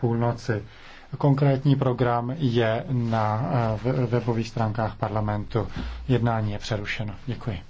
půlnoci. Konkrétní program je na eh, webových stránkách parlamentu. Jednání je přerušeno. Děkuji.